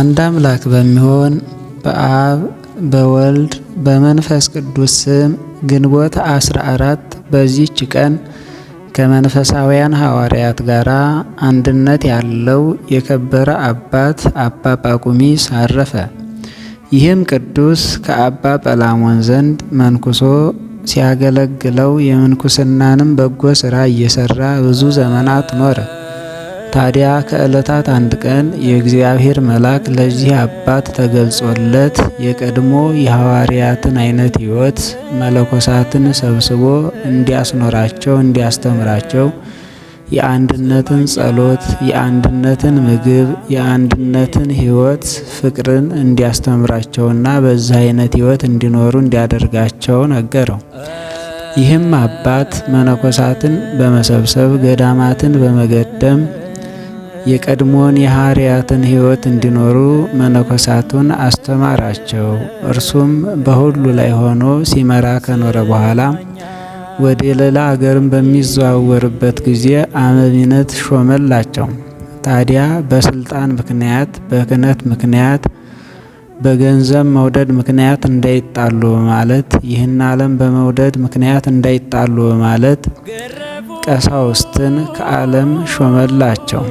አንድ አምላክ በሚሆን በአብ በወልድ በመንፈስ ቅዱስ ስም ግንቦት 14 በዚህች ቀን ከመንፈሳውያን ሐዋርያት ጋር አንድነት ያለው የከበረ አባት አባ ጳቁሚስ አረፈ። ይህም ቅዱስ ከአባ ጰላሞን ዘንድ መንኩሶ ሲያገለግለው የምንኩስናንም በጎ ሥራ እየሠራ ብዙ ዘመናት ኖረ። ታዲያ ከዕለታት አንድ ቀን የእግዚአብሔር መልአክ ለዚህ አባት ተገልጾለት የቀድሞ የሐዋርያትን አይነት ሕይወት መለኮሳትን ሰብስቦ እንዲያስኖራቸው እንዲያስተምራቸው የአንድነትን ጸሎት፣ የአንድነትን ምግብ፣ የአንድነትን ሕይወት ፍቅርን እንዲያስተምራቸውና በዚህ አይነት ሕይወት እንዲኖሩ እንዲያደርጋቸው ነገረው። ይህም አባት መነኮሳትን በመሰብሰብ ገዳማትን በመገደም የቀድሞውን የሐዋርያትን ሕይወት እንዲኖሩ መነኮሳቱን አስተማራቸው። እርሱም በሁሉ ላይ ሆኖ ሲመራ ከኖረ በኋላ ወደ ሌላ አገርም በሚዘዋወርበት ጊዜ አመቢነት ሾመላቸው። ታዲያ በስልጣን ምክንያት፣ በክህነት ምክንያት፣ በገንዘብ መውደድ ምክንያት እንዳይጣሉ በማለት ይህን ዓለም በመውደድ ምክንያት እንዳይጣሉ በማለት ቀሳውስትን ከዓለም ሾመላቸው።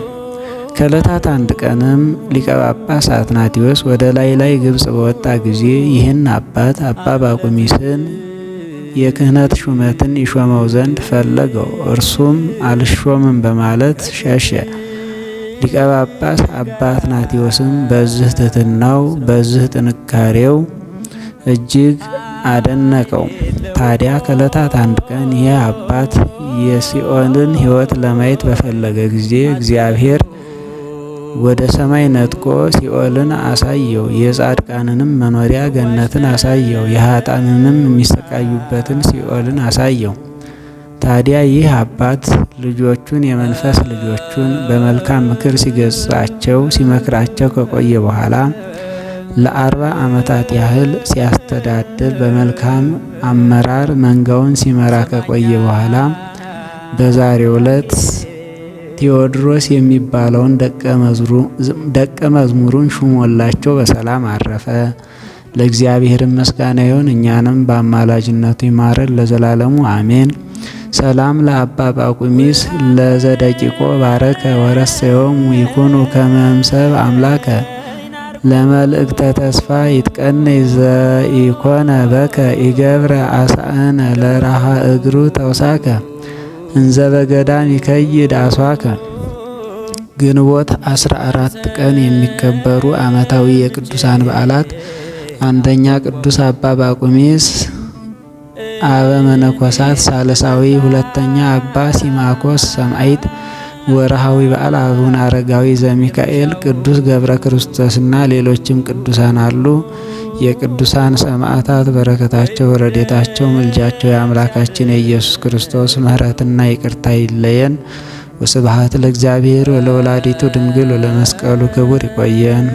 ከለታት አንድ ቀንም ሊቀ ጳጳስ አትናቴዎስ ወደ ላይ ላይ ግብጽ በወጣ ጊዜ ይህን አባት አባ ባቁሚስን የክህነት ሹመትን ይሾመው ዘንድ ፈለገው። እርሱም አልሾምም በማለት ሸሸ። ሊቀ ጳጳስ አባ አትናቴዎስም በዚህ ትሕትናው በዚህ ጥንካሬው እጅግ አደነቀው። ታዲያ ከለታት አንድ ቀን ይህ አባት የሲኦልን ሕይወት ለማየት በፈለገ ጊዜ እግዚአብሔር ወደ ሰማይ ነጥቆ ሲኦልን አሳየው። የጻድቃንንም መኖሪያ ገነትን አሳየው። የሀጣንንም የሚሰቃዩበትን ሲኦልን አሳየው። ታዲያ ይህ አባት ልጆቹን የመንፈስ ልጆቹን በመልካም ምክር ሲገጻቸው ሲመክራቸው ከቆየ በኋላ ለአርባ ዓመታት ያህል ሲያስተዳድር በመልካም አመራር መንጋውን ሲመራ ከቆየ በኋላ በዛሬው ዕለት ቴዎድሮስ የሚባለውን ደቀ መዝሙሩን ሹሞላቸው በሰላም አረፈ። ለእግዚአብሔር ምስጋና ይሁን፣ እኛንም በአማላጅነቱ ይማረን ለዘላለሙ አሜን። ሰላም ለአባ ጳቁሚስ ለዘደቂቆ ባረከ ወረሰዮም ይኩኑ ከመምሰብ አምላከ ለመልእክተ ተስፋ ይትቀነይ ዘኢኮነ በከ ኢገብረ አሳእነ ለራሃ እግሩ ተውሳከ እንዘበገዳም ይከይድ አስዋከ ግንቦት 14 ቀን የሚከበሩ ዓመታዊ የቅዱሳን በዓላት አንደኛ ቅዱስ አባ ባቁሚስ አበ መነኮሳት ሳልሳዊ፣ ሁለተኛ አባ ሲማኮስ ሰማይት ወርሃዊ በዓል አቡነ አረጋዊ ዘሚካኤል፣ ቅዱስ ገብረ ክርስቶስና ሌሎችም ቅዱሳን አሉ። የቅዱሳን ሰማዕታት በረከታቸው፣ ረዴታቸው፣ ምልጃቸው የአምላካችን የኢየሱስ ክርስቶስ ምሕረትና ይቅርታ ይለየን። ወስብሐት ለእግዚአብሔር ወለወላዲቱ ድንግል ወለመስቀሉ ክቡር። ይቆየን።